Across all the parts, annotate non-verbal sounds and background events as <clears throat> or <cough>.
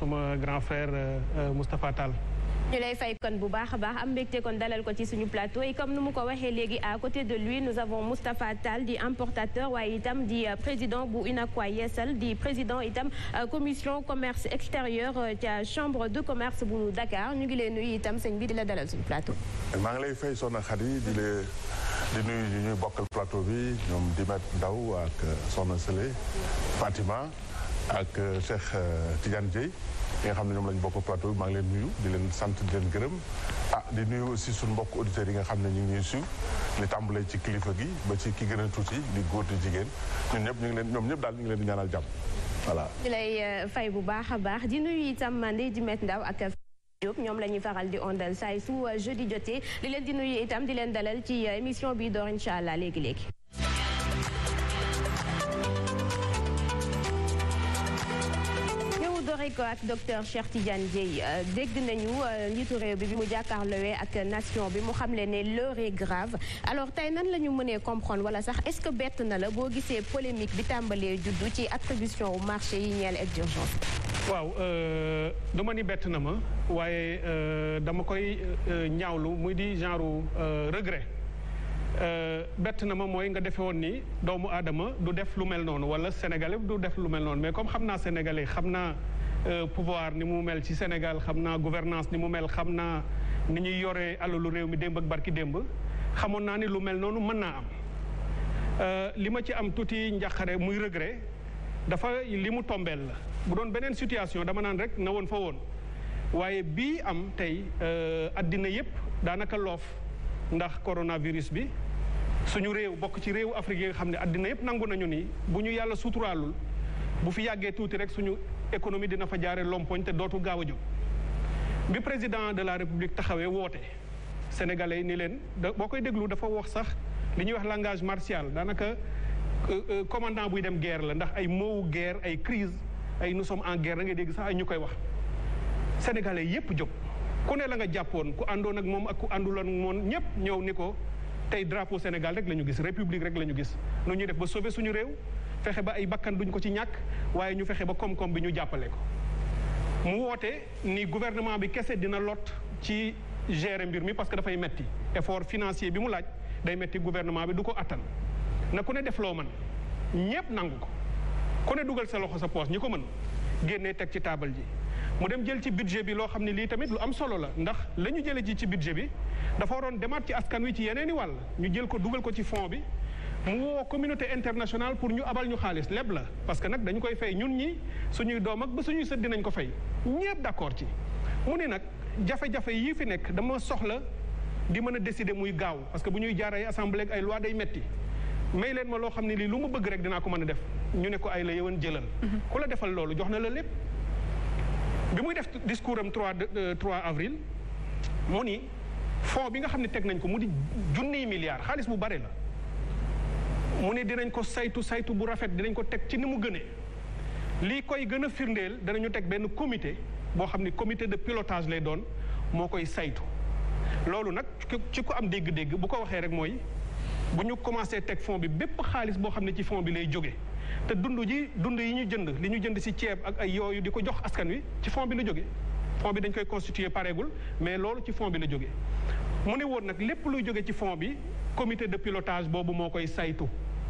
suma grand frère euh, euh, Moustapha Tall. ñu lay fay kon bu baax a baax am mbégte kon dalal ko ci suñu plateau et comme nu mu ko waxee léegi à côté de lui nu avons Moustapha Tall di importateur waaye itam di euh, président bu UNACOIS Yessal di président itam commission commerce extérieur ca chambre de commerce bu Dakar ñu ngi lay nuyu itam sëñ bi di la dalal suñu plateau. maa ngi lay fay soxna Khady di leen di nuyu ñu bokkal plateau bi ñoom Dimet Ndaw ak soxna Sële Fatima. ak euh, Cheikh euh, Tidiane Dieye yi nga xam ne ñoom lañ bokk plateau bi maa ngi leen nuyu di leen sant di leen gërëm ah di nuyu aussi suñu mbokk auditeurs yi nga xam ne ñu ngi ñuy suivre li tàmbalee ci kilifa gi ba ci ki gën a tuuti di góor di jigéen ñun ñëpp ñu ngi leen ñoom ñëpp daal ñu ngi leen di ñaanal jàmm voilà. di lay euh, fay bu baax a baax di nuyu itam di Dimet Ndaw ak. ñoom la ñuy faral di ondal saa su jeudi jotee di leen di nuyu itam di leen dalal ci émission bi door incha allah léegi léegi. doore ko ak docteur Cheikh Tidiane Dieye euh, dégg nañu euh, njiitu réew bi bi mu jàkkaarlowee ak nation bi mu xamle ne l'heure est grave alors tey nan la ñu mënee comprendre wala sax est-ce que bett na la boo gisee polémique bi tàmbalee juddu ci attribution wu marché yi ñeel aide d'urgence waaw euh, duma ni bett na ma waaye dama koy ñaawlu muy di genre regret bett na ma mooy nga defee woon ni doomu aadama du def lu mel noonu wala sénégalais du def lu mel noonu mais comme xam naa sénégalais xam naa Euh, pouvoir ni mu mel ci Sénégal xam naa gouvernance ni mu mel xam naa ni ñuy yore alalu réew mi démb ak barki démb xamoon naa ni lu mel noonu mën naa am euh, li ma ci am tuuti njaqare muy regret dafa li mu tombel la bu doon beneen situation dama naan rek na woon fa woon waaye bii am tey euh, addina yépp daanaka loof ndax coronavirus bi suñu réew bokk ci réew Afrique yi xam ne àddina yépp nangu nañu ni bu ñu yàlla suturaalul bu fi yàggee tuuti rek suñu économie dina fa jaare lompoñ te dootu gaaw a jóg bi président de la république taxawee woote sénégalais yi ni leen boo koy déglu dafa wax sax li ñuy wax langage martial daanaka euh, euh, commandant buy dem guerre la ndax ay moowu guerre ay crise ay nous en guerre da ngay dégg sax ay ñu koy wax sénégalais yépp jóg ku ne la nga jàppoon ku àndoon ak moom ak ku ànduloon moom ñépp ñëw ni ko tey drapo Sénégal rek la ñu gis république rek la ñu gis nu ñuy def ba sauver suñu réew fexe ba ay bakkan duñ ko ci ñàkk waaye ñu fexe ba koom-koom bi ñu jàppale ko mu woote ni gouvernement bi kese dina lot ci gérer mbir mi parce que dafay metti effort financier bi mu laaj day metti gouvernement bi du ko attan na ku ne def loo man ñépp nangu ko ku ne dugal sa loxo sa poos ñi ko mën génnee teg ci taabal ji mu dem jël ci budget bi loo xam ne lii tamit lu am solo la ndax la ñu jële ji ci budget bi dafa waroon demaat ci askan wi ci yeneen i wàll ñu jël ko dugal ko ci fon bi mu woo communauté internationale pour ñu abal ñu xaalis leb la parce que nag dañu koy fay ñun ñi suñuy doom ak ba suñuy sët dinañ ko fay ñépp d'accord ci mu ne nag jafe-jafe yii fi nekk dama soxla di mën a décider muy gaaw parce que bu ñuy jaar ay assemblée ak ay loi day metti may leen ma loo xam ne lii lu ma bëgg rek dinaa ko mën a def ñu ne ko ay la yëwan jëlal mm-hmm. la defal loolu jox na la lépp bi muy def discours am 3 3 euh, avril mu ni fonds bi nga xam ne teg nañ ko mu di junniy milliards xaalis bu bare la mu ne dinañ ko saytu saytu bu rafet dinañ ko teg ci ni mu gënee lii koy gën a firndeel danañu teg benn comité boo xam ne comité de pilotage lay doon moo koy saytu loolu nag ci ko am dégg-dégg bu ko waxee rek mooy bu ñu commencé teg fonds bi bépp xaalis boo xam ne ci fonds bi lay jóge te dund ji dund yi ñu jënd li ñu jënd si ceeb ak ay yooyu di ko jox askan wi ci fond bi na jóge fond bi dañ koy constituer pareegul mais loolu ci fond bi la jóge mu ne woon nag lépp luy jóge ci fond bi comité de pilotage boobu moo koy saytu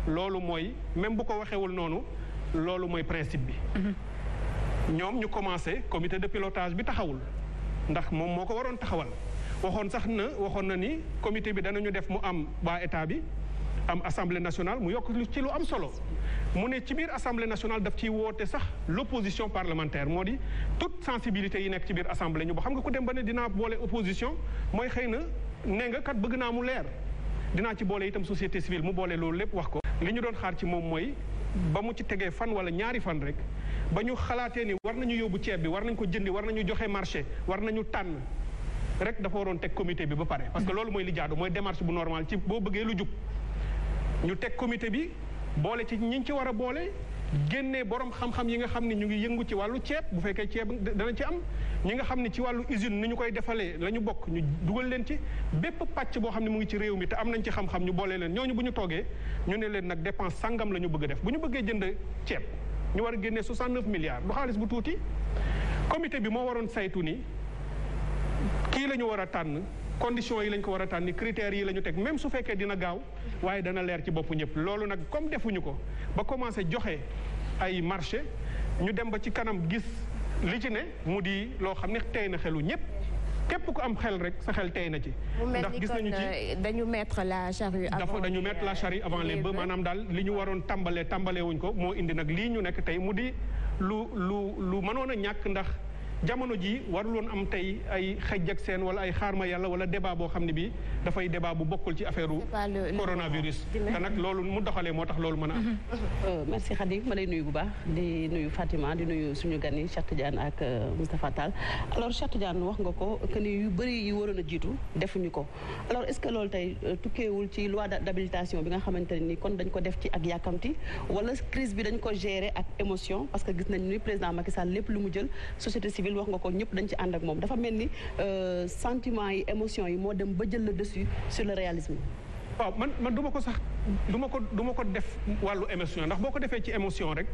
loolu mooy même bu ko waxewul noonu loolu mooy principe bi mhm. ñoom ñu commencé comité de pilotage bi taxawul ndax moom moo ko waroon taxawal waxoon sax na waxoon na ni comité bi danañu def mu am waa état bi am assemblée nationale mu yokk ci lu am solo mu ne ci biir assemblée nationale daf ciy woote sax l' opposition parlementaire moo di toute sensibilité yi nekk ci biir assemblée ñu ba xam nga ku dem ba ne dina boole opposition mooy xëy na ne nga kat bëgg naa mu leer dinaa ci boole itam société civile mu boole loolu lépp wax ko. li ñu doon xaar ci moom mooy ba mu ci tegee fan wala ñaari fan rek ba ñu xalaatee ni war nañu yóbbu ceeb bi war nañ ko jëndi war nañu joxe marché war nañu tànn. rek dafa waroon teg comité bi ba pare parce que loolu li jaadu mooy démarche bu normal ci boo bëggee lu ñu teg comité bi boole ci ñi ñu ci war a boole génnee borom xam-xam yi nga xam ne ñu ngi yëngu ci wàllu ceeb bu fekkee ceeb dana ci am ñi nga xam ne ci wàllu usine ni ñu koy defalee la ñu bokk ñu dugal leen ci bépp pàcc boo xam ne mu ngi ci réew mi te am nañ ci xam-xam ñu boole leen ñooñu bu ñu toogee ñu ne leen nag dépense sangam la ñu bëgg def bu ñu bëggee jënd ceeb ñu war a génnee 69 milliards du xaalis bu tuuti comité bi moo waroon saytu ni kii la war a tànn. conditions yi lañ ko war a tànni critères yi la ñu teg même su fekkee dina gaaw waaye dana leer ci boppu ñëpp loolu nag comme defuñu ko ba commencé joxe ay marché ñu dem ba ci kanam gis li ci ne mu di loo xam ne tey na xelu ñëpp képp ku am xel rek sa xel tey na ci. ndax gis nañu ci euh, dañu mettre la charrue avant dafa dañu mettre la charrue avant les ba maanaam daal li ñu waroon tàmbalee tàmbalee wuñ ko moo indi nag lii ñu nekk tey mu di lu lu lu mënoon a ñàkk ndax. jamono ji waruloon am tey ay xëj ak seen wala ay xaarma yàlla wala débat boo xam ne bi dafay débat bu bokkul ci affaire coronavirus te nag loolu mu doxalee moo tax loolu man a am mm-hmm. euh, merci Khady ma lay nuyu bu baax di nuyu Fatima di nuyu suñu gan yi Cheikh Tidiane ak euh, Moustapha Tall alors wax nga ko que ni yu bëri yi waroon a jiitu defuñu ko alors est-ce que loolu tey euh, ci loi d'habilitation bi nga xamante ne ni kon dañ ko def ci ak yàkkamti wala crise bi dañ ko gérer ak émotion parce que gis nañ ni président Macky lépp lu mu jël société civile wax nga ko ñëpp dañu ci ànd ak moom dafa mel ni euh, sentiment yi émotion yi moo dem ba jël le dessus sur le réalisme waaw man man duma ko sax du ma ko du ma ko def wàllu émotion ndax boo ko defee ci émotion rek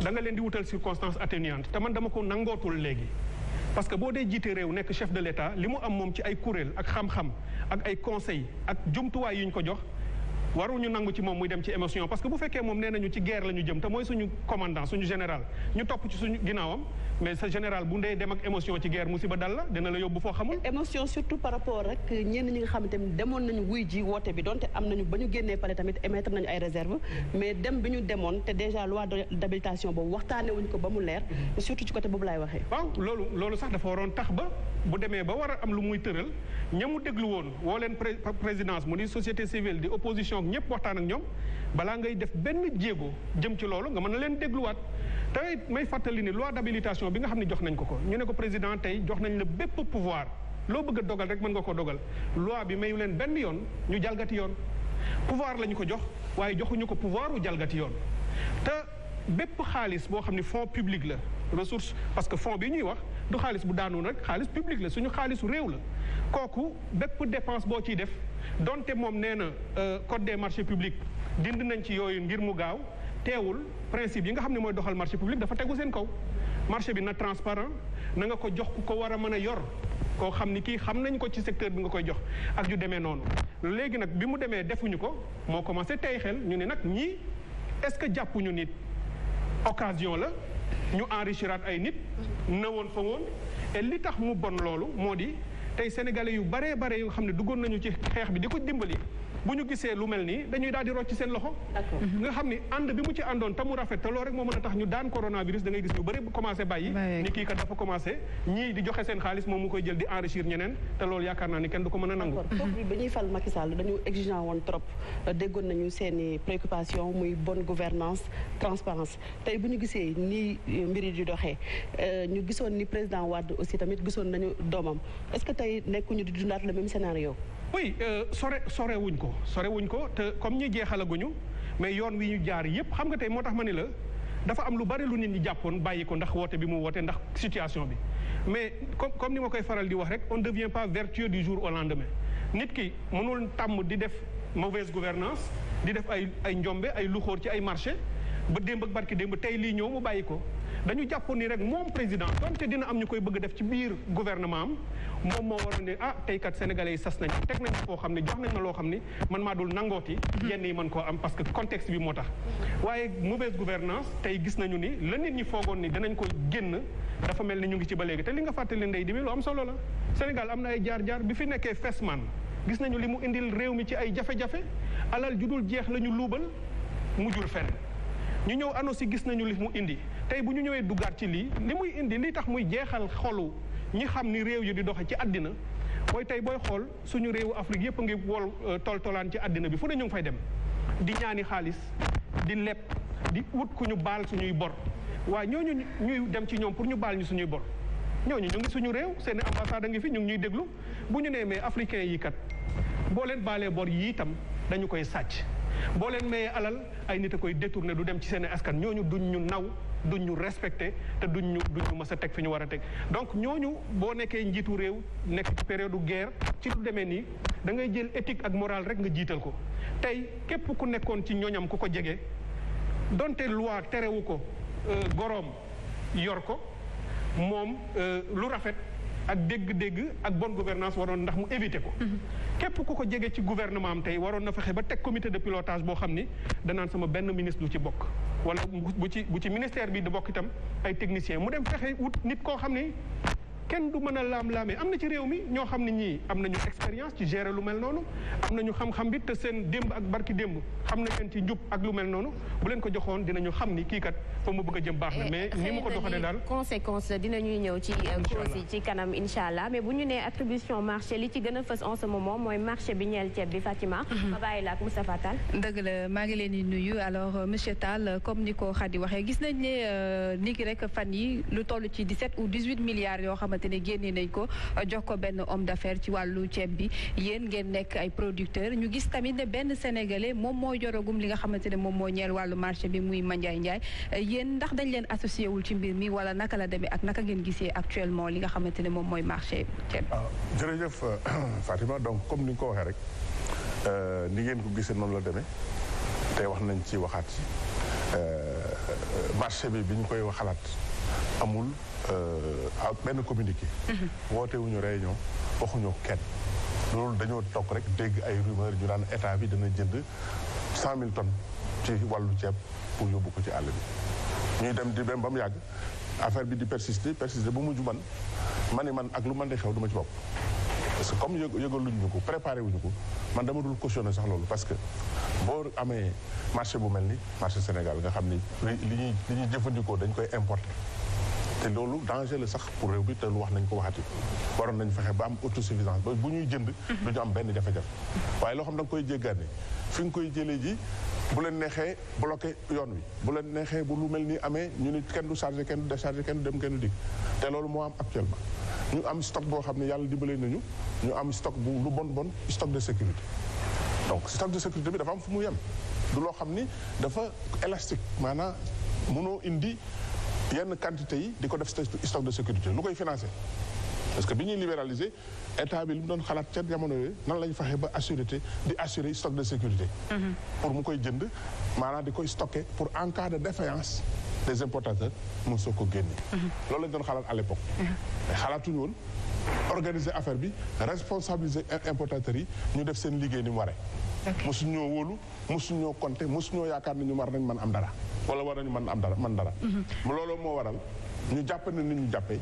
danga nga leen di wutal circonstance atténuante te man dama ko nangootul léegi parce que boo dee jiite réew nekk chef de l'État li mu am moom ci ay kuréel ak xam-xam ak ay conseil ak jumtuwaay yu ñu ko jox waruñu nangu ci moom muy dem ci émotion parce que bu fekkee moom nee nañu ci guerre la ñu jëm te mooy suñu commandant suñu général ñu topp ci suñu ginnaawam mais sa général bu ndee dem ak émotion ci guerre musiba dal la dina la yóbbu foo xamul. émotion surtout par rapport rek ñenn ñi nga xam ne demoon nañu wuy ji woote bi donte am nañu ba ñu génnee pare tamit émettre nañu ay réserve mais dem bi ñu demoon te déjà loi d'habilitation boobu waxtaanee wuñ ko ba mu leer surtout ci côté waxee. loolu loolu sax dafa waroon tax ba bu demee ba war a am lu muy tëral ña mu déglu woon woo leen présidence mu di société civile di ñoom ñëpp waxtaan ak ñoom balaa ngay def benn jéego jëm ci loolu nga mën a leen dégluwaat te may fàttali ni loi d'habilitation bi nga xam ne jox nañ ko ko ñu ne ko président tey jox nañ la bépp pouvoir loo bëgg a dogal rek mën nga ko dogal loi bi mayu leen benn yoon ñu jalgati yoon pouvoir la ñu ko jox waaye joxuñu ko pouvoir jalgati yoon te bépp xaalis boo xam ne fonds public la ressource parce que fonds bi ñuy wax du xaalis bu daanoon rek xaalis public la suñu xaalisu réew la kooku bépp dépense boo ciy def donte moom nee na euh, code des marché publics dind nañ ci yooyu ngir mu gaaw teewul principe yi nga xam ne mooy doxal marché public dafa tegu seen kaw marché bi na transparent na nga ko jox ku ko war a mën a yor koo xam ni kii xam nañ ko ci secteur bi nga koy jox ak yu demee noonu léegi nag bi mu demee defuñu ko moo commencé tey xel ñu ne nag ñii est-ce que jàppuñu nit occasion la ñu enrichiraat ay nit na woon fa woon et li tax mu bon loolu moo di tey sénégalais yu baree bare yu nga xam ne duggoon nañu ci xeex bi di ko dimbali bu ñu gisee lu mel nii dañuy daal di rocc seen loxo nga mhm. xam ni ànd bi mu ci àndoon te mu rafet te loolu rek moo mën a tax ñu daan coronavirus da ngay gis ñu bëri commencé bàyyi ni kii kat dafa commencé ñii di joxe seen xaalis moom mu koy jël di enrichir ñeneen te loolu yaakaar naa ni kenn du ko mën a nangu bi ba ñuy fal Macky Sall dañu exigeant woon trop déggoon nañu seeni préoccupation muy bonne gouvernance transparence tey bu ñu gisee nii euh, mbir di doxee euh, ñu gisoon ni président Wade aussi tamit gisoon nañu doomam est-ce que tey nekkuñu di dundaat le même scénario oui euh, sore sore wuñ ko sore wuñ ko te comme ñi jeexalaguñu mais yoon wi ñu jaar yépp xam nga tey moo tax ma ne la dafa am lu bari lu nit ñi jàppoon bàyyi ko ndax woote bi mu woote ndax situation bi mais comme comme ni ma koy faral di wax rek on ne devient pas vertueux du jour au lendemain nit ki mënul tàmm di def mauvaise gouvernance di def ay ay njombe ay luxóor ci ay marché ba démb ak barki démb tey lii ñëw mu bàyyi ko dañu jàppoon ni rek moom président donte dina am ñu koy bëgg def ci biir gouvernement am moom moo waroon ne ah tey kat sénégalais yi sas nañ teg nañ foo xam ne jox nañ ma loo xam ne man maa dul nangooti mhm. yenn yi mën koo am parce que contexte bi moo tax waaye mauvaise gouvernance tey gis nañu ni la nit ñi foogoon ni dinañ ko génn dafa mel ni ñu ngi ci ba léegi te li nga fàttali ndey di mi am solo la Sénégal am na ay jaar-jaar bi fi nekkee Fesman gis nañu li mu indil réew mi ci ay jafe-jafe alal ju dul jeex la ñu luubal mu jur fen ñu ñëw annonce gis nañu li mu indi tey bu ñu ñëwee duggaat ci lii li muy indi li tax muy jeexal xolu ñi xam ni réew yi di doxe ci àddina mooy tey booy xool suñu réew Afrique yëpp a ngi wol euh, toltolaan ci àddina bi fu ne ñu ngi dem di ñaani xaalis di leb di wut ku ñu baal suñuy bor waaye ñooñu ñuy dem ci ñoom pour ñu baal ñu suñuy bor ñooñu ñu ngi suñu réew seen ambassade a ngi fi ñu ngi ñuy déglu bu ñu nee mais africain yi kat boo leen baalee bor yii itam dañu koy sàcc boo leen mayee alal ay nit a koy détourné du dem ci seen askan ñooñu duñ ñu naw duñ ñu respecté te duñ ñu duñ ñu mës a teg fi ñu war a teg donc ñooñu boo nekkee njiitu réew nekk ci période guerre ci lu demee nii da ngay jël éthique ak morale rek nga jiital ko tey képp ku nekkoon ci ñooñam ku ko jege donte loi terewu ko goroom euh, yor ko moom euh, lu rafet ak dégg-dégg ak bon gouvernance waroon ndax mu éviter ko képp ku ko jege ci gouvernement am tey waroon na fexe ba teg comité de pilotage boo xam ni danaan sama benn ministre du ci bokk wala bu ci bu ci ministère bi di bokk itam ay technicien mu dem fexe wut nit koo xam ni kenn du mën a laam-laamee am na ci réew mi ñoo xam ne ñii am nañu expérience ci gérer lu mel noonu am ñu xam-xam bi te seen démb ak barki démb xam nañ leen ci njub ak lu mel noonu bu leen ko joxoon dinañu xam ni kii kat fa mu bëgg a jëm baax na mais ni mu ko conséquence dinañuy ñëw ci euh, ci kanam incha allah mais bu ñu nee atribution marché li ci gën a fës en ce moment mooy marché bi ñeel ceeb bi Fatima ma mhm. bàyyi laa ak Moustapha Tall dëgg la maa ngi leen di nuyu alors euh, monsieur Tall euh, comme ni ko Khady waxee gis nañ ne ni ki rek fan yi lu toll ci 17 ou 18 milliards yoo xam xamante ne génnee nañ ko jox ko benn homme d'affaires ci wàllu ceeb bi yéen ngeen nekk ay producteur ñu gis tamit ne benn sénégalais moom mooy jorogum li nga xamante ne moom mooy ñeel wàllu marché bi muy Mandiaye Ndiaye yéen ndax dañ leen associé wul ci mbir mi wala naka la demee ak naka ngeen gisee actuellement li nga xamante ne moom mooy marché ceeb bi. Ah, jërëjëf <clears throat> Fatima donc comme ni ñu ko waxee rek euh, ni ngeen ko gisee noonu la demee te wax nañ ci waxaat euh, euh, marché bi bi koy xalaat. amul euh, ak benn communiqué. Mhm. wootewuñu réunion waxuñu kenn loolu dañoo toog rek dégg ay rumeur ñu naan état bi dana jënd cent mille tonnes ci wàllu ceeb pour yóbbu ko ci àll bi. ñuy dem di dem ba mu yàgg affaire bi di persister persister ba mujj man ma man ak lu man di xew duma ci bopp. parce que comme yëgaluñ ñu ko préparé ko man dama dul cautionné sax loolu parce que boo amee marché bu mel ni marché Sénégal nga xam ni li ñuy li ñuy jëfandikoo dañ koy importé te loolu danger la sax pour réew bi te lu wax nañ ko waxati waroon nañ fexe ba am autosuffisance ba bu ñuy jënd du ñu am benn jafe-jafe waaye loo xam da nga koy jéggaane fi nga koy jëlee ji bu leen neexee bloqué yoon wi bu leen neexee bu lu mel ni amee ñu ni kenn du chargé kenn du déchargé kenn dem kenn du dikk te loolu moo am actuellement ñu am stock boo xam ne yàlla dimbale nañu ñu am stock bu lu bon bon stock de sécurité donc stock de sécurité bi dafa am fu mu yem loo xam ni dafa élastique maanaam mënoo indi yenn quantité yi di ko def stock de sécurité lu koy financé parce que bi ñuy libéraliser état bi lu mu doon xalaat ca jamono yooyu nan la ñu faxee ba assurité di assurer stock de sécurité mhm. pour mu koy jënd maanaam di koy stocké pour en cas de défaillance des importateurs mun soo ko génne mhm. loolu lañ doon xalaat à l'époque mhm. mais xalaatuñu woon organiser bi responsabiliser importateurs yi ñu def seen liggéey ni mu waree mosuñu ñoo wóolu mosuñoo compter mosuñoo yaakaar ne ñu war nañ mën am dara wala war nañu mën am dara mën dara mm-hmm. loolu moo waral ñu jàpp ne ni ñu jàppee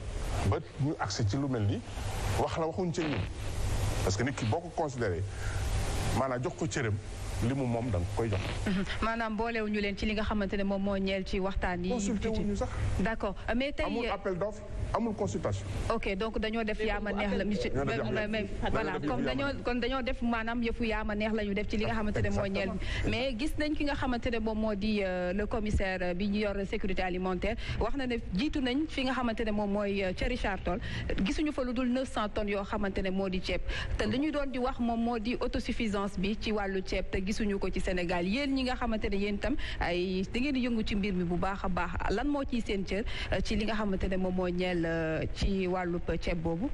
ba ñu accès ci lu mel ni wax la waxuñ ca ñun parce que nit ki boo ko considéré maanaam jox ko cëram li mu moom da nga koy jox. Mm-hmm. maanaam boolewu leen ci li nga xamante ne moom moo ñeel ci waxtaan yi. consulté wuñu sax. d'accord mais tey amul appel d'offre amul consultation. ok donc dañoo def yaama neex la monsieur. voilà comme def maanaam yëfu yaama la ñu def ci li nga xamante ne moo ñeel bi nañ ki nga xamante ne moom moo di euh, le commissaire bi yor sécurité alimentaire wax na ne jiitu nañ fi nga xamante ne moom mooy euh, ca tool Toll gisuñu fa lu dul 900 tonnes yoo xamante ne moo di ceeb te li ñu doon di wax moom moo di autosuffisance bi ci wàllu ceeb te gisuñu ko ci Sénégal yéen ñi nga xamante ne yéen itam ay da ngeen di yëngu ci mbir mi bu baax a baax lan moo ciy seen cër euh, ci li nga xamante ne moom moo ñeel Sénégal ci wàllub ceeb boobu.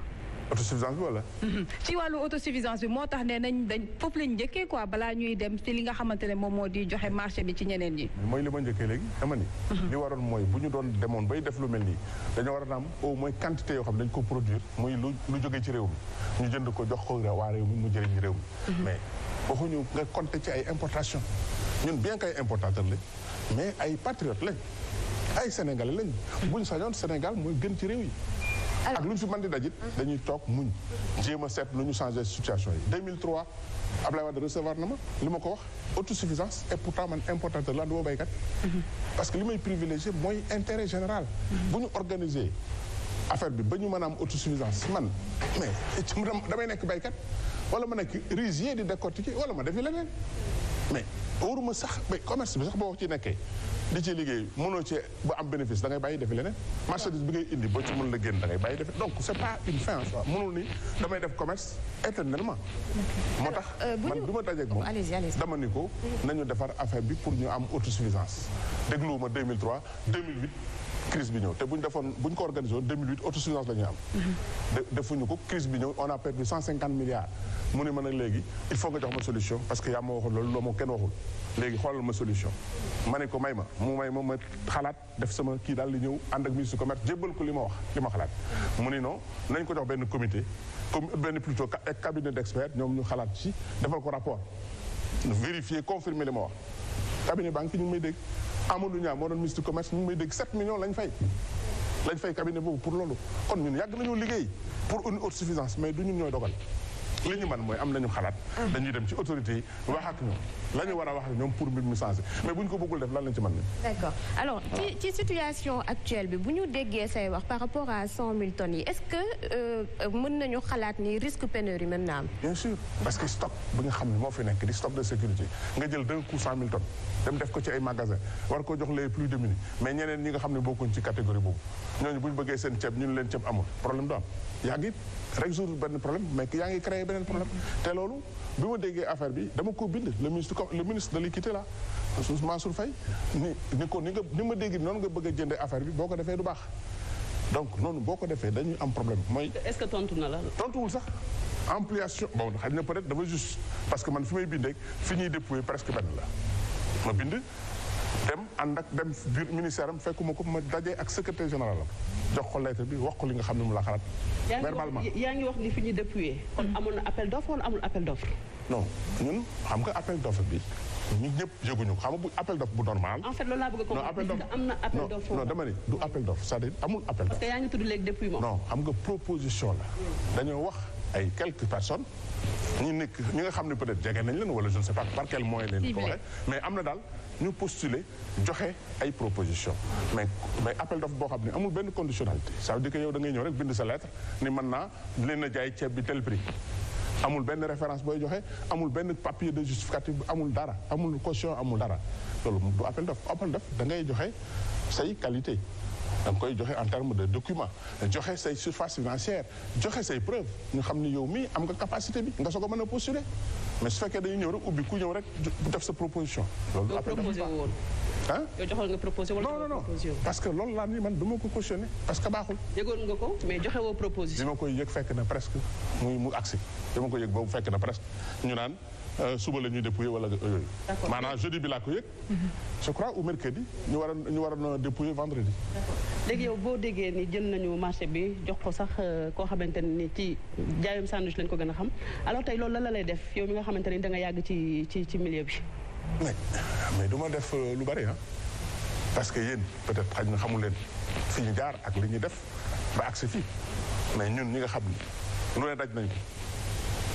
autosuffisance bi wala. Mhm. ci wàllu autosuffisance bi moo tax ne nañ dañ foofu lañ njëkkee quoi balaa ñuy dem ci li nga xamante ne moom moo di joxe marché bi ci ñeneen ñi. mooy li ma njëkkee léegi dama ni. Mhm. li waroon mooy bu ñu doon demoon bay def lu mel nii dañoo war a am au moins quantité yoo xam dañ ko produire muy lu lu jógee ci réew mi ñu jënd ko jox ko waa réew mi mu jëriñ réew mi. Mhm. mais waxuñu nga compter ci ay importation ñun ay sénégalais lañ buñ sañoon Sénégal mooy gën ci réew yi. ak lu ñu fi mën di dajit mhm. dañuy toog muñ jéem a seet lu ñu changé situation yi 2003 Ablaye Wade recevoir na ma li ma ko wax autosuffisance et pourtant man importateur la du ma béykat mhm. parce que li may privilégié mooy intérêt général mhm. bu ñu organiser affaire bi ba ñu mën a am autosuffisance man mais damay nekk béykat wala ma nekk rizier di décortiquer wala ma defi leneen mais waruma sax mais commerce bi sax boo ci nekkee di ci liggéey mënoo ci ba am bénéfice da ngay bàyyi defi leneen marchandise bi ngay indi ba ci mën la génn da ngay bàyyi defi donc c'est pas une fin en ni euh, euh, man oh, ko nañu defar affaire bi pour ñu am autosuffisance dégluwuma 2003 2008 crise bi ñëw te bu mm-hmm. a perdu léegi il faut nga jox ma solution parce que yaa ma waxul loolu loo ma kenn waxul. léegi xoolal ma solution ma ne ko may ma mu may ma ma xalaat def sama kii daal di ñëw ànd ak ministre commerce jébbal ko li ma wax li ma xalaat mu ni non nañ ko jox benn comité comme benn plutôt cabinet d'experts ñoom ñu xalaat ci defal ko rapport vérifier confirmer li ma wax cabinet banque ñu ngi may dégg Amadou Niang moo doon ministre commerce ñu ngi may dégg 7 millions lañ fay lañ fay cabinet boobu pour loolu kon ñun yàgg na ñoo liggéey pour une autosuffisance mais du ñun dogal li ñu man mooy am nañu xalaat dañuy dem ci autorité yi wax ak ñoom la war a wax ak ñoom pour mbir mi changer mais bu ñu ko bëggul def lan lañ ci mën d'accord alors ci bi bu ñu déggee say wax par rapport à cent mille tonnes que euh, mën nañu xalaat ni risque pénurie mën na am bien sûr parce que stock bi nga xam ne moo fi nekk di stock de sécurité nga jël d'un coup cent mille ko ci ay magasin war ko jox les plus démunis mais ñeneen ñi nga xam ne bokkuñ ci catégorie boobu ñooñu bu ñu bëggee seen ceeb ñu leen ceeb amul problème du yaa ngi résoudre benn problème mais yaa ngi créé beneen problème te loolu bi ma déggee affaire bi dama ko bind le ministre comme le ministre de l'équité là Mansour Faye ni ni ko ni nga ni ma dégg noonu nga bëgg a jënde affaire bi boo ko defee du baax donc noonu boo ko defee dañuy am problème mooy. est-ce que tontu na la. tontuwul sax ampliation bon xëy na peut-être dama juste parce que man fi may bindee fi ñuy dépouiller presque benn la ma bind. dem ànd ak dem biir ministère am fekkuma ko ma daje ak secrétaire général am jox ko lettre bi wax ko li nga xam ne mu la xalaat. verbalement yaa ngi wax ni fi ñu dépuyee. kon amoon na appel d'offre wala amul appel d'offre. non ñun xam nga appel d'offre bi ñun ñëpp yëguñu xam nga bu appel bu normal. en fait loolu laa bëgg a comprendre am na appel d'offre non dama ni du appel d'offre c'est-à-dire amul appel d'offre. parce que yaa ngi tudd léegi dépouillement. non xam nga ñu nga xam ne peut-être jege nañ leen wala je ne sais pas par quel moyen leen ko waxee mais am na daal ñu postuler joxe ay proposition mais mais appel d'offre boo xam ne amul benn conditionnalité ça veut dire que yow da ngay ñëw rek bind sa lettre ni man naa leen a jaay ceeb bi tel amul benn référence booy joxe amul benn papier de justificatif amul dara amul caution amul dara loolu du appel d'offre appel d'offre da ngay joxe say qualité da koy joxe en terme de document joxe say surface financière joxe say preuve ñu xam ni yow mii am nga capacité bi nga soog a mën a postuler mais su fekkee dañu ñëw rek ubbi ku ñëw rek def sa proposition. yow joxoon nga proposé parce que loolu laa ni man du ko cautionné parce que baaxul. yëgoon nga koy yëg fekk na presque mu agsi bi koy yëg boobu fekk na presque ñu naan euh, suba la ñuy dépouiller euh, yooyu. maanaam jeudi bi laa ko yëg. Mhm. je ou léegi yow boo déggee ni jël nañu marché bi jox ko sax euh, koo xamante ni ci jaayum sandwich lañ ko gën a xam alors tey loolu la la lay def yow mi nga xamante ni da nga yàgg ci ci ci milieu bi. Ah, mais duma du ma def euh, lu bari ah parce que yéen peut-être xaj na xamul leen ñu jaar ak li ñu def ba agsi fii mais ñun ñi nga xam ni lu ne daj nañ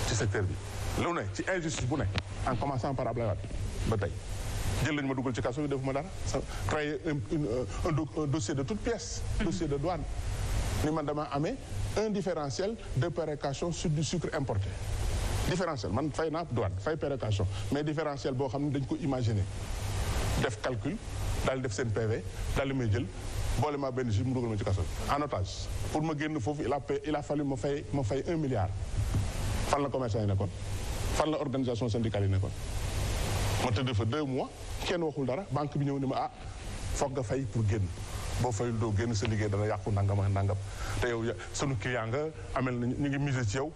ci secteur bi lu ne ci injustice bu ne en commençant par Ablaye ba tey. jël lañ ma dugal ci kaso bi ma dara créé un dossier de toute pièce dossier de douane ni man dama amee un différentiel de péréquation sur du sucre importé différentiel man fay naa douane fay péréquation mais différentiel boo xam ne dañ ko imaginer def calcul daal def seen PV daal di may jël boole maa benn juge mu dugal ma ci kaso en otage pour ma génn foofu il a il a fallu ma fay ma fay un milliard fan la commerçant yi nekkoon fan la organisation syndicale yi nekkoon ma tëdd fa deux mois kenn waxul dara banque bi ñëw ni ma ah foog nga fay pour génn boo fayul doo génn sa liggéey dana yàqu nangam ak nangam te yow sunu client nga amel na ñu ngi misé ci yow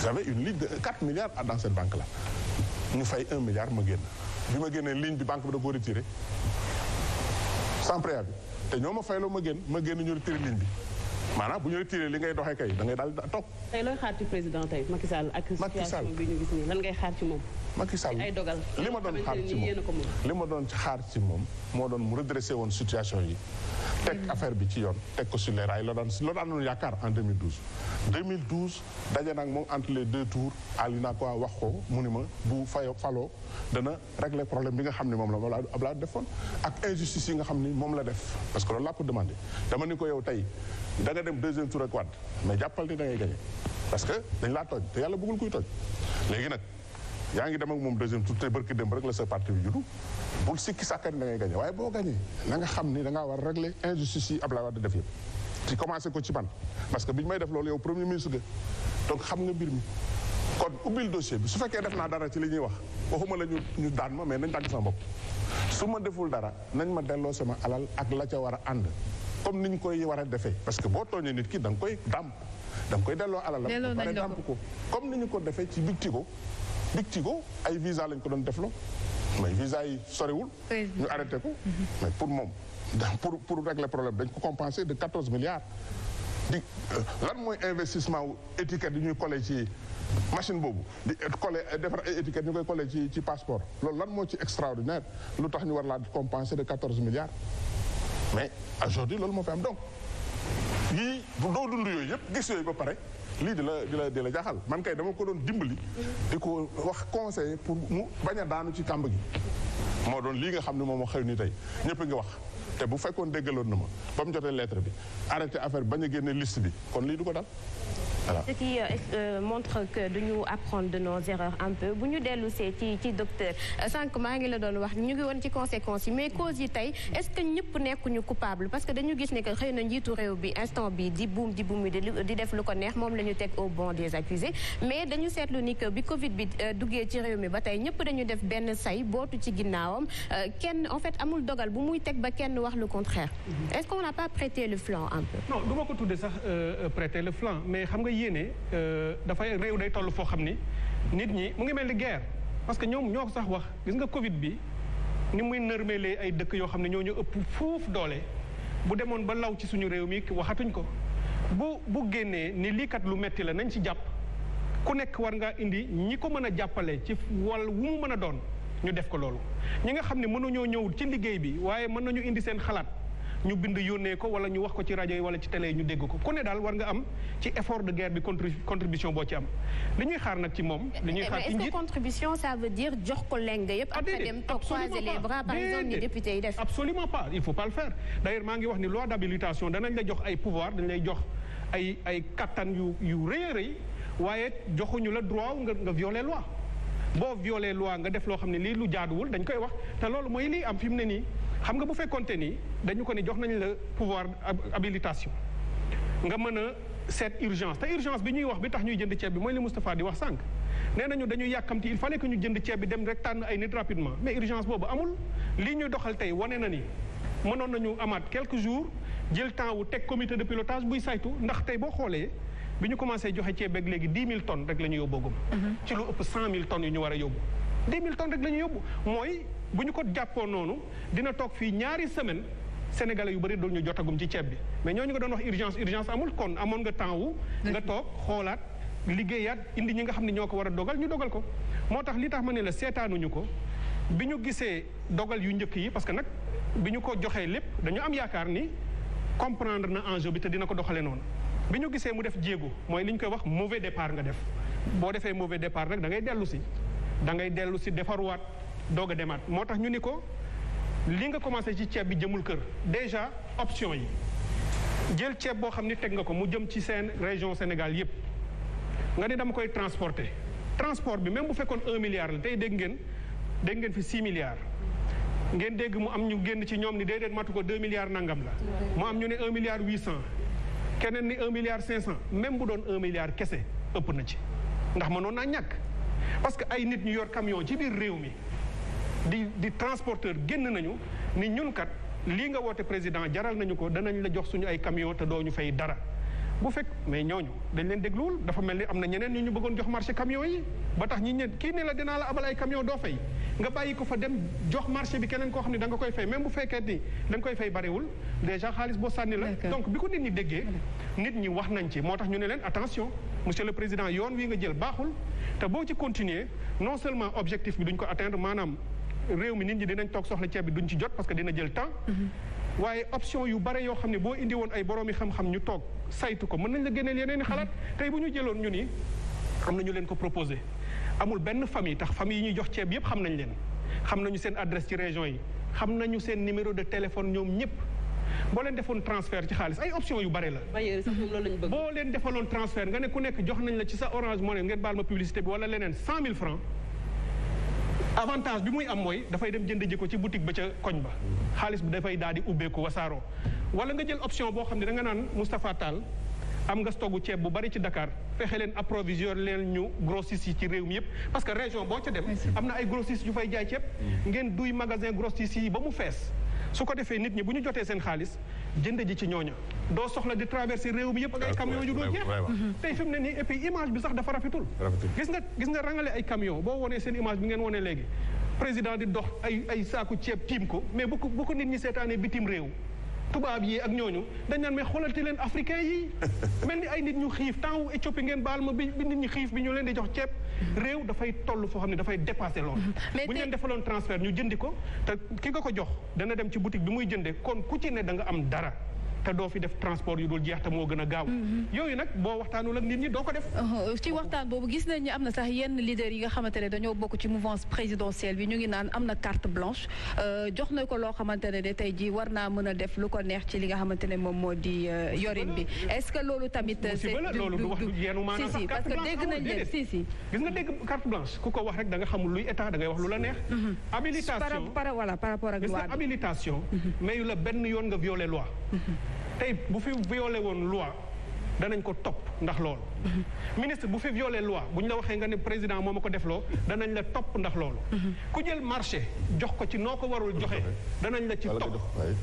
sa avez une ligne de 4 milliards dans cette banque là ñu fay 1 milliard ma génn bi ma génnee ligne bi banque bi da koo retiré sans bi te ñoo ma fay fayloo ma génn ma génn ñu retiré ligne bi maanaam bu ñu retiré li ngay doxee kay da ngay daal toog. tey looy xaar ci président Macky Sall li ma doon xaar ci moom li ma doon xaar ci moom moo doon mu redressé woon situation yi teg affaire bi ci yoon teg ko sur les rails la daan la daan yaakaar en 2012 2012 daje nag moom entre les deux tours ali naa ko wax ko mu ni ma bu fayo faloo dana régler problème bi nga xam ne moom la moom laa Ablaye defoon ak injustice yi nga xam ni moom la def parce que loolu laa ko demandé dama ni ko yow tey da nga dem deuxième tour ak Wade mais jàppal ni da ngay gagné parce que dañ laa tooñ te yàlla bëggul kuy tooñ léegi nag yaa ngi dem ak moom deuxième tour te barki dem rek la sa parti bi juddu bul sikki sàkkan da ngay waaye boo gagné na nga xam ni da ngaa war a régler injustice yi Abdoulaye Wade def yëpp ci commencé ko ci man parce que bi ñu may def loolu yow premier ministre ga donc xam nga mbir mi kon ubbil dossier bi su fekkee def naa dara ci li ñuy wax waxuma la ñu ñu daan ma mais nañ dàgg sama bopp su ma deful dara nañ ma delloo sama alal ak la ca war a ànd comme ni ñu koy war a defee parce que boo tooñee nit ki da nga koy dàmp da koy delloo alal la ba pare dàmp ko comme ni ñu ko defee ci bictigo ko ay visa lañ ko doon def defloo mais visa yi sorewul ñu arrêté ko mhm. mais pour moom <laughs> pour pour régler problème dañ ko compenser de 14 milliards di euh, lan mooy investissement wu étiquette yi ñuy collé ci machine boobu di euh, collé euh, defar ay étiquette ñu koy collé ci ci passeport loolu lan moo ci extraordinaire lu tax ñu war laa compenser de 14 milliards mais aujourd'hui loolu moo fi am donc yii doo dund yooyu yëpp gis yooyu ba pare lii di la di la di la jaaxal man kay dama ko doon dimbali di ko wax conseil pour mu bañ a daanu ci kàmb gi moo doon lii nga xam ne moom moo xew ni tey ñëpp ngi wax te bu fekkoon déggaloon na ma ba mu jotee lettre bi arrêté affaire bañ a génnee list bi kon lii du ko dal voilà ce qui euh, euh, montre que duñu apprendre de nos erreurs un peu bu ñu dellu see ci ci docteur euh, sànq maa ngi la doon wax ñu ngi woon ci conséquences yi mais causes yi tey est-ce que ñëpp nekkuñu coupable parce que dañu gis ne que xëy na njiitu réew bi instant bi di buum di buum di def lu ko neex moom la ñu teg au banc des accusés mais dañu seetlu ni que bi Covid bi duggee ci réew mi ba tey ñëpp dañu def benn say bootu ci ginnaawam kenn en fait amul dogal bu muy teg ba kenn wax le contraire mm-hmm. est-ce qu'on sax yéene euh, dafay réew day toll foo xam ni nit ñi mu ngi mel ni guerre parce que ñoom ñoo ko sax wax gis nga Covid bi ni muy nërmeelee ay dëkk yoo xam ne ñoo ñu ëpp fuuf doole bu demoon ba law ci suñu réew mi waxatuñ ko bu bu génnee ni lii kat lu metti la nañ ci jàpp ku nekk war ngaa indi ñi ko mën a jàppale ci wàll wu mu mën a doon ñu def ko loolu ñi nga xam ne mënuñoo ñëw ci liggéey bi waaye mën nañu indi seen xalaat. ñu bind yónnee ko wala ñu wax ko ci rajo yi wala ci télé yi ñu dégg ko ku ne daal war nga am ci effort de guerre bi contribution boo ci am li ñuy xaar nag ci moom. Eh, li ñuy eh, xaar ci njiit contribution ça veut dire jox ko leng yëpp. après ah, dem toog croiser les bras par exemple ni député yi def. maa ngi wax ni loi d' habilitation la jox ay pouvoir dañ lay jox ay ay kattan yu yu rëy rëy waaye joxuñu la droit nga nga violer loi boo violer loi nga def loo xam ne lii lu jaaduwul dañ koy wax te loolu mooy lii am fi mu ne nii. xam nga bu fekkonte ni dañu ko ni jox nañu la pouvoir habilitation nga mën a seet urgence te urgence bi ñuy wax bi tax ñuy jënd ceeb bi mooy li Moustapha di wax sànq nee nañu dañu yàkkamti il fallait que ñu jënd ceeb bi dem rek tànn ay nit rapidement mais urgence boobu amul li ñu doxal tey wane na ni mënoon nañu amaat quelque jour jël temps wu teg comité de pilotage buy saytu ndax tey boo xoolee bi ñu commencé joxe ceeb beeg léegi dix mille tonnes rek la ñu yóbboogum. Mhm. ci lu mille tonnes yu ñu war a yóbbu. dix mille tonnes ñu yóbbu mooy bu ñu ko jàppoo noonu dina toog fii ñaari semaine sénégalais yu bari dul ñu jotagum ci ceeb bi mais ñoo ñu nga doon wax urgence urgence amul kon amoon nga temps wu nga toog xoolaat liggéeyaat indi ñi nga xam ne ñoo ko war a dogal ñu dogal ko moo tax li tax ma ne la seetaanuñu ko bi ñu gisee dogal yu njëkk yi parce que nag bi ñu ko joxee lépp dañu am yaakaar ni comprendre na enjeu bi te dina ko doxalee noonu bi ñu gisee mu def jéego mooy li ñu koy wax mauvais départ nga def boo defee mauvais départ rek da ngay dellu si da ngay dellu si defaruwaat doog demaat moo tax ñu ni ko li nga commencé ci ceeb bi jëmul kër déjà option yi jël ceeb boo xam ni teg nga ko mu jëm ci seen région Sénégal yépp nga ne dama koy transporter transport bi même bu fekkoon un milliard la tey dégg ngeen dégg ngeen fi six milliards ngeen dégg mu am ñu génn ci ñoom ni déedéet matu ko deux milliards nangam la mu am ñu ne un milliard huit cent keneen ni un milliard cinq cent même bu doon un milliard kese ëpp na ci ndax mënoon naa ñàkk parce que ay nit ñu yor camion ci biir réew mi di di transporteur génn nañu ni ñun kat lii nga woote président jaral nañu ko danañ la jox suñu ay camion te doo ñu fay dara bu fekk mais ñooñu dañ leen dégluwul dafa mel ni am na ñeneen ñu ñu bëggoon jox marché camion yi ba tax ñi ne kii ne la dinaa la abal ay camion doo fay nga bàyyi ko fa dem jox marché bi keneen koo xam ne da nga koy fay même bu fekkee ni da nga koy fay bariwul déjà xaalis boo sànni la donc bi ko nit ñi déggee nit ñi wax nañ ci moo tax ñu ne leen attention monsieur le président yoon wi nga jël baaxul te boo ci continuer non seulement objectif bi duñ ko atteindre maanaam réew mi nit ñi dinañ toog soxla ceeb bi duñ ci jot parce que dina jël temps. Mm-hmm. waaye option yu bare yoo xam ne boo indi woon ay boroomi xam-xam ñu toog saytu ko mën nañ la génneel yeneen xalaat mm-hmm. tey bu ñu jëloon ñu ni xam nañu leen ko proposé amul benn famille tax famille yi ñuy jox ceeb yépp xam nañ leen xam nañu seen adresse ci région yi xam nañu seen numéro de téléphone ñoom ñépp boo leen defoon transfert ci xaalis ay option yu bare la. boo leen defaloon transfert nga ne ku nekk jox nañ wala leneen cent mille francs avantage bi muy am mooy dafay dem jënd ji ko ci boutique ba ca koñ ba xaalis bi dafay daal di ubbeeku wasaaroo wala nga jël option boo xam ne da nga naan Moustapha Tall am nga stogu ceeb bu bari ci dakaar fexe leen approvisionner leen ñu grossistes yi ci réew mi yëpp parce que région boo ca dem am na ay grossistes yu fay jaay ceeb ngeen duy magasin grossistes yi ba mu fees su ko defee nit ñi bu ñu jotee seen xaalis jënd ji ci ñooña doo soxla di traverser réew mi yëpp ak ay camion yu dul jeex tey fi mu ne nii et puis image bi sax dafa rafetul gis nga gis nga rangale ay camion boo wonee seen image bi ngeen wonee léegi président di dox ay ay saaku ceeb tiim ko mais bu ko bu ko nit ñi seetaanee bitim réew tubaab yi ak ñooñu dañ naan mais xoolante leen africain yi <laughs> mel ni ay nit ñu xiif temps wu Éthiopie ngeen baal ma bi nit ñi xiif bi ñu leen di jox ceeb réew dafay toll foo xam ne dafay dépassé loolu <laughs> bu ñu leen defaloon transfert ñu jëndi ko te ki nga ko jox dana dem ci boutique bi muy jëndee kon ku ci ne da nga am dara te doo fi def transport yu dul jeex te moo gën a gaaw. Mm-hmm. yooyu nag boo waxtaanu ak nit ñi doo ko def. Oh, ci waxtaan boobu gis nañ ni am na sax yenn leader yi nga xamante ne dañoo bokk ci mouvance présidentielle bi ñu ngi naan am na carte blanche euh, jox na ko loo xamante ne de tey ji war naa mën a def lu ko neex ci li nga xamante ne moom moo di euh, yorin bi est-ce que loolu tamit. Euh, c'est loolu du wax yenu maanaam si si parce que dégg nañ nga dégg carte blanche ku ko wax rek da nga xamul luy état da wax lu la neex. Mm-hmm. habilitation par par par rapport ak loi mm-hmm. la benn yoon nga violer loi. tey bu fi violé woon loi danañ ko topp ndax loolu ministre bu fi violé loi bu ñu la waxee nga ne président moom ma ko defloo danañ la topp ndax loolu ku jël marché jox ko ci noo ko warul joxe danañ la ci topp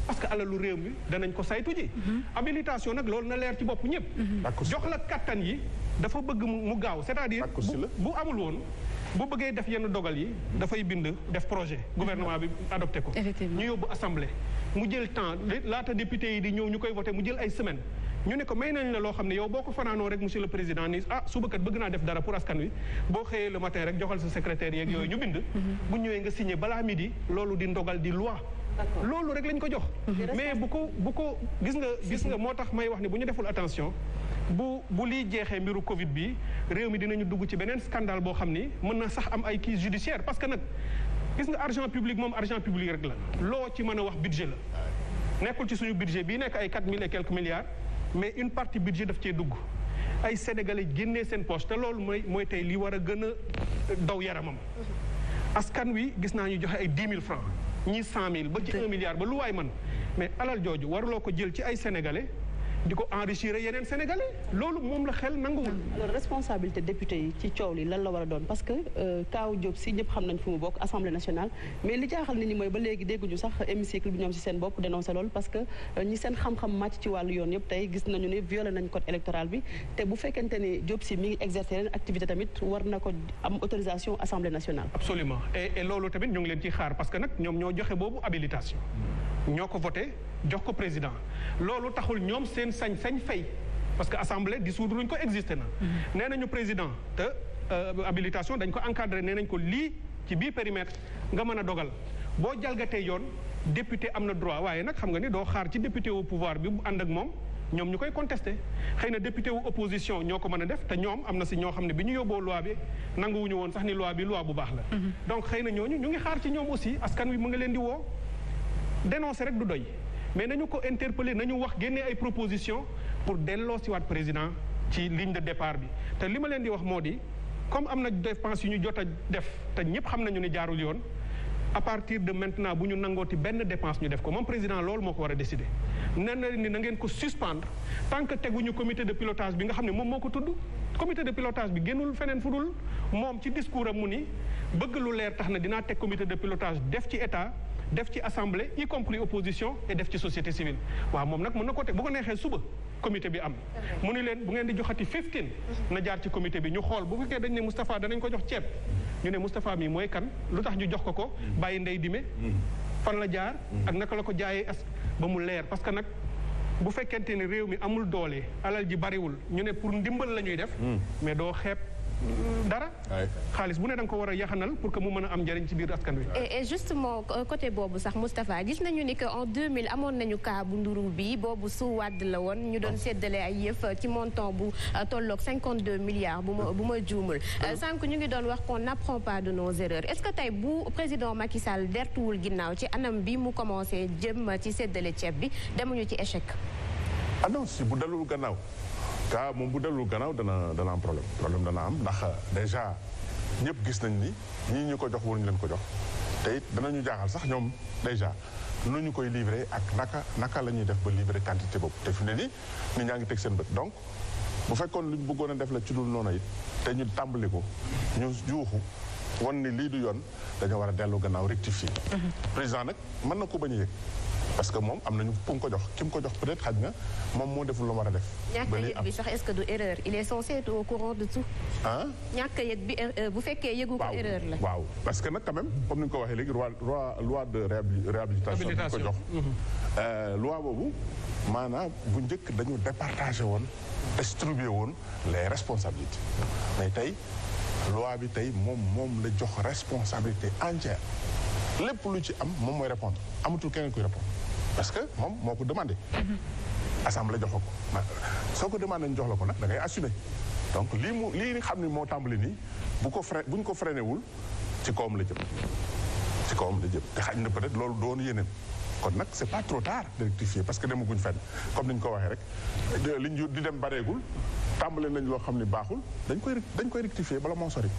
parce que alalu réew mi danañ ko saytu ji habilitation nag loolu na leer ci bopp ñëpp jox la kattan yi dafa bëgg mu gaaw c'est-à-dire bu amul woon boo bëggee def yenn dogal yi dafay bind def projet gouvernement bi adopté ko ñu yóbbu assemblée mu jël temps laata député yi di ñëw ñu koy voté mu jël ay semaine ñu ne ko may nañ la loo xam ne yow boo ko fanaanoo rek monsieur le président ni ah suba kat bëgg naa def dara pour askan wi boo xëyee le matin rek joxal sa secrétaire yeeg yooyu ñu bind mm-hmm. bu ñëwee nga signé balaa di loolu di ndogal di loi loolu rek lañ ko jox mm-hmm. mais bu ko bu ko gis nga gis nga moo tax may wax ne bu ñu deful attention bu bu liy jeexee mbiru Covid bi réew mi dinañu dugg ci beneen scandale boo xam ni mën na sax am ay kiis judiciaire parce que nag gis nga argent public moom argent public rek la loo ci mën a wax budget la nekkul ci suñu budget bii nekk ay quatre mille et quelques milliards mais une partie budget daf cee dugg ay sénégalais génnee seen poche te loolu mooy mooy tey li war a gën a euh, daw yaramam askan wi gis naa ñu joxe ay dix mille francs ñii cent mille ba ci un milliard ba lu waay mën mais alal jooju waruloo ko jël ci ay sénégalais di ko enrichir yeneen sénégalais loolu moom la xel nanguwul. alors responsabilité député yi ci coow li lan la war a doon parce que euh, Kaaw Diop si ñëpp xam nañ fu mu bokk assemblée nationale mais li jaaxal nit ñi mooy ba léegi dégguñu sax hémicycle bi ñoom si seen bopp dénoncé loolu parce que euh, ñi seen xam-xam màcc ci wàllu yoon yëpp tey gis nañu ni violé nañ code électoral bi te bu fekkente ni Diop mi ngi exercer yeneen activité tamit war na ko am autorisation assemblée nationale. absolument loolu tamit ñu ngi leen ciy xaar parce que nag ñoom ñoo joxe boobu habilitation ñoo ko voté jox ko président loolu taxul ñoom seen sañ-sañ fay parce que assemblée dissoudre luñ ko existé na mm-hmm. nee nañu président te euh, habilitation dañ ko encadré nee nañ ko lii ci biir périmètre nga mën a dogal boo jalgatee yoon député am na droit waaye nag xam nga ni doo xaar ci député wu pouvoir bi bu ànd ak moom ñoom ñu koy contesté xëy na député wu opposition ñoo ko mën a def te ñoom am na si ñoo xam ne bi ñu yóbboo loi bi nanguwuñu woon sax ni loi bi bu baax la mm-hmm. donc xëy na ñooñu ñu ngi xaar ci ñoom aussi askan wi mu ngi leen di woo dénoncé rek du doy mais nañu ko interpeller nañu wax génne ay proposition pour delloo si waat président ci ligne de départ bi te li ma leen di wax moo di comme am na dépense yu ñu jot a def te ñëpp xam nañu ni jaarul yoon à partir de maintenant bu ñu nangooti benn dépense ñu def ko moom président loolu moo ko war a décider nee na ni na ngeen ko suspendre tant teguñu comité de pilotage bi nga xam ne moom moo ko tudd comité de pilotage bi génnul feneen fu dul moom ci discours am mu ni bëgg lu leer tax na dinaa teg comité de pilotage def ci état def ci assemblé y compris opposition et def ci société civile waaw moom nag mën na ko teg bu ko neexee suba comité bi am mu ni leen bu ngeen di joxati 15 na jaar ci comité bi ñu xool bu fekkee dañ ne Moustapha danañ ko jox ceeb ñu ne Moustapha mi mooy kan lu tax ñu jox ko ko bàyyi ndey dime fan la jaar ak naka la ko jaayee as ba mu leer parce que nag bu fekkente ne réew mi amul doole alal ji bariwul ñu ne pour ndimbal la ñuy def hmm. mais doo xeet dara. xaalis bu ne da nga ko war a yaxanal pour que mu mën a am njëriñ ci biir askan wi. et justement côté boobu sax Moustapha gis nañu ni que en mille amoon nañu cas bu nduru bi boobu su wàdd la woon ñu doon ah. séddale ay yëf ci montant bu euh, tolloog 52 milliards bu ma bu ma juumul. Ah. Euh, sànq ñu ngi doon wax qu'on n'apprend pas de nos erreurs est-ce que tey bu président Macky Sall dertuwul ginnaaw ci anam bi mu commencé jëm ci séddale ceeb bi demuñu ci échec. annonce ah bu dalul gannaaw. ka moom bu dellu gannaaw dana dana am problème problème dana am ndax euh, déjà ñëpp gis nañ ni ñii ñu ko jox waruñu leen ko jox te it danañu jaaxal sax ñoom déjà nu ñu koy livrer ak naka naka la ñuy def ba livrer quantité boobu te fi ne nii nit ñaa ngi teg seen bët donc bu fekkoon lu ñu bëggoon a def la ci dul noonu it te ñu tàmbali ko ñu juuxu won ni lii du yoon dañoo war a dellu gannaaw rectifier mhm. président nag mën na ko bañ yëg parce que moom am nañu ku ko jox ki ko jox peut-être xaj na moom moo deful la war a def. ba ñàkk yëg bi sax est-ce que bi euh, euh, bu fekkee yëgu ko erreur la. waaw parce que nag quand même comme ni nga ko waxee léegi loi loi de réhabilitation. bi ko jox mhm. euh, loi boobu maanaam bu njëkk dañu départager woon distribuer woon les responsabilités mais tey loi bi tey moom moom la jox responsabilité entière lépp lu ci am moom mooy répondre amatul keneen parce que moom moo ko demandé. assemblée jox ko ko soo ko demandé ñu jox la ko nag da ngay assumer donc lii mu lii xam ne moo tàmbali nii bu ko fre bu ko freiné wul ci kawam la jëm ci kawam la jëm te xaj na peut-être loolu doon yeneen. kon nag c'est pas trop tard de rectifier parce que demaguñ fenn comme ni ko waxee rek liñ di dem bareegul tàmbale nañ loo xam ne baaxul dañ koy dañ koy rectifier bala moo sori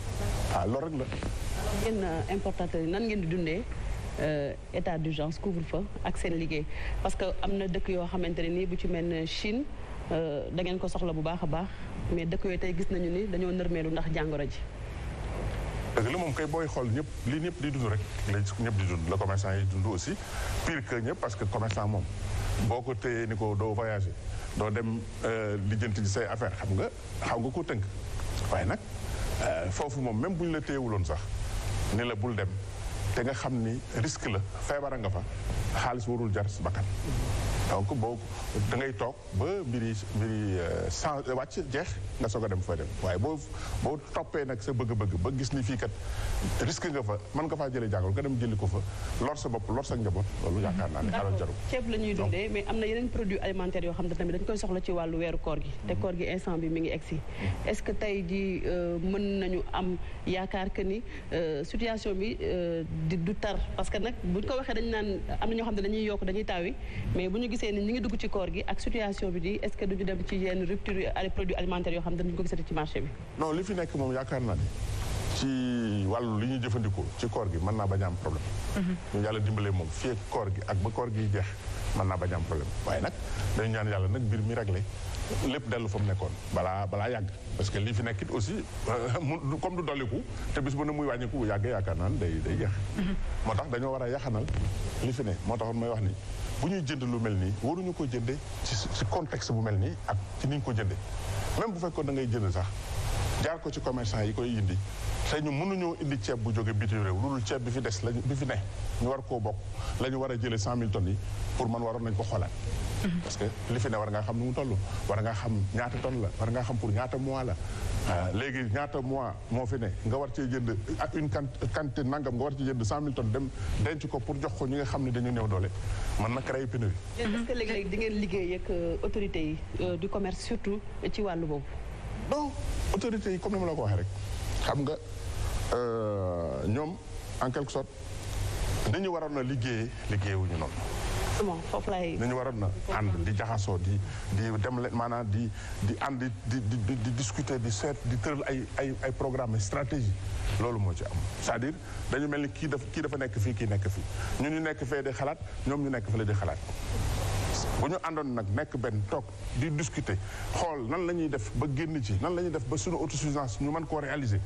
waaw ah, loolu rek la. ngeen euh, importateurs yi nan ngeen di dundee. Euh, état d'urgence couvre-feu ak seen liggéey parce que am na dëkk yoo xamante ne nii bu ci mel ne Chine euh, da ngeen ko soxla bu baax a baax mais dëkk yooyu tey gis nañu ni dañoo nërmeelu ndax jàngoro ji. dëgg la moom kay booy xool ñëpp lii ñëpp di dund rek la ñëpp di dund la commerçant yi dund aussi pire que ñëpp parce que commerçant moom boo ko téyee ni ko doo voyager doo dem euh, lijjanti ci say affaire xam nga xaw nga ko tënk waaye nag foofu moom même bu ñu la téyewuloon sax ni la bul dem te nga xam ni risque la feebara nga fa xaalis warul jar bakkan donc da ngay toog ba mbiri mbiri sans euh, wàcc jeex nga soog a dem fa dem waaye boo boo toppee nag sa bëgg-bëgg ba gis ni fii kat risque nga fa mën nga faa jëlee jàngoro nga dem jëli ko fa lor sa bopp lor sa njaboot loolu yaakaar naa ne alal jaru ceeb la ñuy dundee mais am na yeneen produits alimentaires yoo xam ne tamit dañ koy soxla ci wàllu weeru koor gi te koor gi instant bi mi ngi egsi mm-hmm. est-ce du tar parce que nag buñ ko waxee dañu naan am na ñoo xam ne dañuy yokk dañuy taw mais bu ñu gisee ni ñu ngi dugg ci koor gi ak situation bi di est ce que dem ci yenn rupture ay yoo xam ne dañu ko gisati ci marché bi non li fi nekk moom yaakaar naa ne ci wàllu li ñuy jëfandikoo ci koor gi mën naa bañ a am problème ñu mhm. yàlla dimbalee moom fii ak koor gi ak ba koor gi jeex man naa bañ am problème waaye nag dañu ñaan yàlla nag mbir mi réglé lépp dellu fa mu nekkoon balaa balaa yàgg parce que lii fi nekkit aussi euh, mu comme du dolliku te bis bu ne muy wàññiku bu yàggee yaakaar naan day moo tax dañoo war a yaxanal li fi ne moo taxoon may wax ni bu ñuy jënd lu mel nii waruñu ko jënde ci ci contexte bu mel nii ak ci ni ko jënde même bu fekkoon da ngay jënd sax jaar ko ci commerçant yi koy indi te ñu mënuñoo indi ceeb bu jóge bitim réew loolu ceeb bi fi des lañu bi fi ne ñu war koo bokk la war a jëlee cent mille tonnes pour man waroon nañ ko xoolaat. parce que li fi ne war nga xam nu mu toll war nga xam ñaata tonne la war nga xam pour ñaata mois la euh, léegi ñaata mois moo fi ne nga war cee jënd ak une quantité nangam nga war ci jënd cent mille tonnes dem denc ko pour jox ko ñi nga xam ne dañu néew doole man na créé pénurie bi. est-ce que léeg di ngeen liggéey ak euh, autorités yi euh, du commerce surtout ci wàllu boobu. donc autorités yi comme ni ma la ko waxee rek xam nga ñoom en quelque sorte ni ñu waroon a liggéeyee liggéeyewuñu noonu. bon foofu laay. dañu waroon na ànd di jaxasoo di di dem leen maanaam di di ànd di di di discuter di seet di tëral ay ay ay programme stratégie loolu moo ci am cest à dañu mel ni kii dafa kii dafa nekk fii kii nekk fii ñu ñu nekk fee di xalaat ñoom ñu nekk fële di xalaat. bu ñu àndoon nag nekk benn toog di discuter xool nan la ñuy def ba génn ci nan la ñuy def ba suñu autosuffisance ñu mën koo réaliser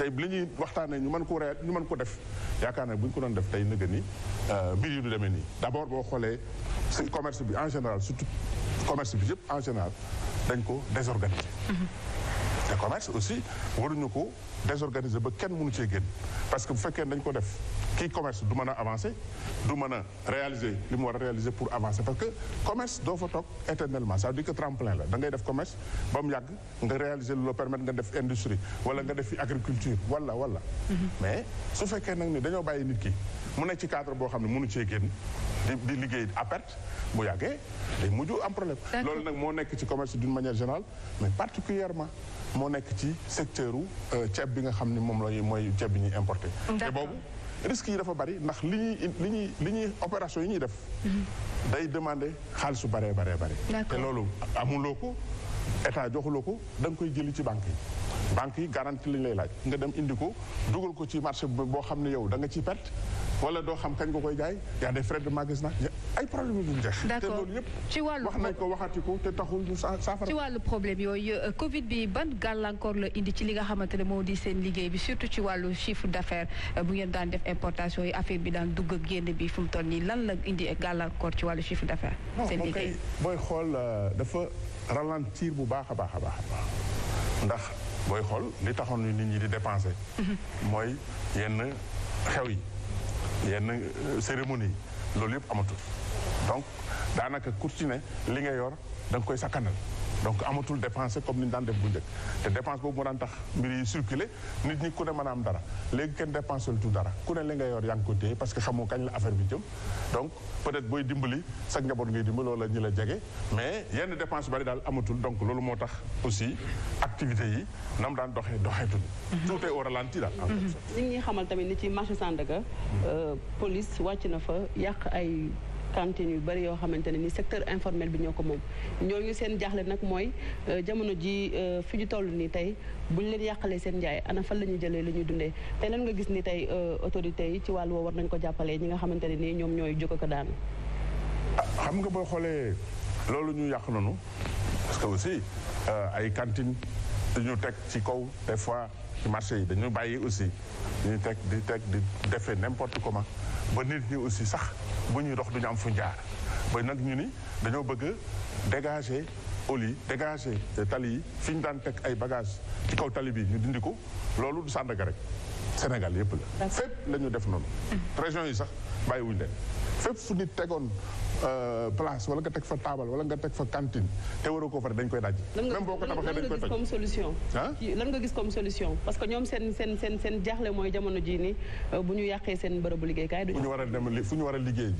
tey li ñuy waxtaanee ñu mën ko re ñu mën ko def yaakaar naa bu ñu ko doon def tey nëgë ni euh, mbir yi du demee ni d' abord boo xoolee suñ commerce bi en général surtout commerce bi yëpp en général dañ ko désorganiser mm-hmm. te commerce aussi waruñu ko désorganiser ba kenn mënu cee génn parce que bu fekkee dañ ko def kii commerce du mën a avancer du mën a réaliser li mu war a réaliser pour avancer parce que commerce doo fa toog éternellement ça veut dire que tremplin la da ngay def commerce ba mu yàgg nga réaliser lu la nga def industrie wala nga def fi agriculture wala wala mm-hmm. mais su fekkee nag ni dañoo bàyyi nit ki mu nekk ci cadre boo xam ne mënu cee génn di di liggéey à moo nekk ci commerce d'une manière moo nekk ci secteur u euh, ceeb bi nga xam ne moom la mooy ceeb bi ñuy importé te boobu risques yi dafa bari ndax li ñuy li ñuy li ñuy opération yi ñuy def mm-hmm. day demandé xaalis su baree baree bare te loolu amuloo ko état joxuloo ko da nga koy jëli ci banque yi banque yi garantie lañ lay laaj nga dem indi ko dugal ko ci marché bi boo xam ne yow da nga ci perte wala doo xam kañ ko koy jaay y a des frais de magasinage ay problème yu ci wàllu wax nañ ko waxati ko ñu saafara. wàllu problème yooyu euh, Covid bi ban gàllankoor la indi ci li nga xamante ne moo di seen liggéey bi surtout ci wàllu chiffre d'affaires euh, bu ngeen daan def importation yi affaire bi daan dugg ak génn bi fu mu toll nii lan la indi gàllankoor ci wàllu chiffre d'affaires. seen booy xool euh, dafa ralentir bu baax a baax a baax ndax. booy xool li taxoon nit ñi di dépenser. mooy yenn xew yi yenn euh, cérémonie yi loolu yëpp amatul donc daanaka ku li nga yor da koy sakkanal. donc amatul dépensé comme ni ñu daan def bu njëkk te dépense boobu moo daan tax mbir yi circulé nit ñi ku ne a dara léegi kenn dépensé tout dara ku li nga yor yaa ngi parce que xamoo kañ la affaire bi jëm donc peut-être booy dimbali sa njaboot ngay dimbali wala ñi la jege mais yenn dépense bari daal amatul donc loolu moo tax aussi activités yi nam daan doxee doxeetuñu nit ñi xamal tamit ni ci marché Sandaga euh, police wàcc na fa yàq ay cantine yu bari yoo xamante ne ni secteur informel bi ñoo ko moom ñooñu seen jaaxle nag mooy euh, jamono ji euh, fi ñu toll nii tey buñ leen yàqalee seen njaay ana fan la ñuy jëlee li ñuy dundee te lan nga gis ni tey euh, autorités yi ci wàll woo war nañ ko jàppalee ñi nga xamante ne nii ñoom ñooy jóg ko daan ah, xam nga boo xoolee loolu ñu yàq noonu parce que aussi ay cantine dañu teg ci kaw des fois ci marché yi dañu bàyyi aussi ñu teg di teg di defee n'importe comment ba nit ñi sax bu ñuy dox duñu am fu njaar ba nag ñu ni dañoo bëgg dégager oli yi dégager tali yi fi ñu daan teg ay bagage ci kaw tali bi ñu dindi ko loolu du Sandaga rek Sénégal yëpp la fépp la def noonu mm. région yi sax bàyyiwuñu leen fépp fu nit tegoon Euh, place wala nga teg fa taabal wala nga teg fa cantine te waroo koo far dañ koy daj. même boo ko tabaxee dañ koy toj lan nga gis comme solution. Ah? lan nga gis comme solution parce que ñoom seen seen seen seen mooy jamono jii ni euh, bu ñu yàqee seen bërëbu liggéeykaay. du ñu war a dem fu ñu war a liggéey.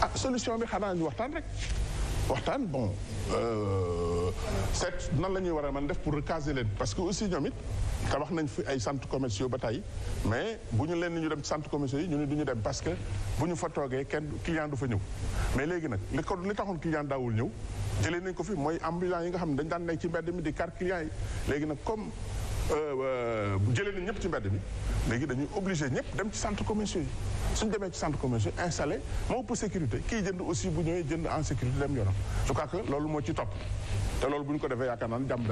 ah solution bi xanaa ñu waxtaan rek. waxtaan bon euh, seet nan la ñuy war a mën def pour recaser leen parce que aussi ñoom it tabax nañ fi ay centres commerciaux ba tey mais bu ñu leen ñu dem centres commerciaux yi ñu ne du ñu dem parce que bu ñu fa toogee kenn client du fa ñëw mais léegi nag li ko li taxoon client daawul ñëw jëlee nañ ko fi mooy ambulant yi nga xam ne dañ daan nekk ci mbedd mi di car client yi léegi nag comme euh, euh, jëlee nañ ñëpp ci mbedd mi léegi dañuy obligé ñëpp dem ci centres commerciaux yi suñ demee ci centres commerciaux installé moo pour sécurité kii jënd aussi bu ñëwee jënd en sécurité dem yoonam que loolu moo ci topp te loolu bu ñu ko defee yaakaar naa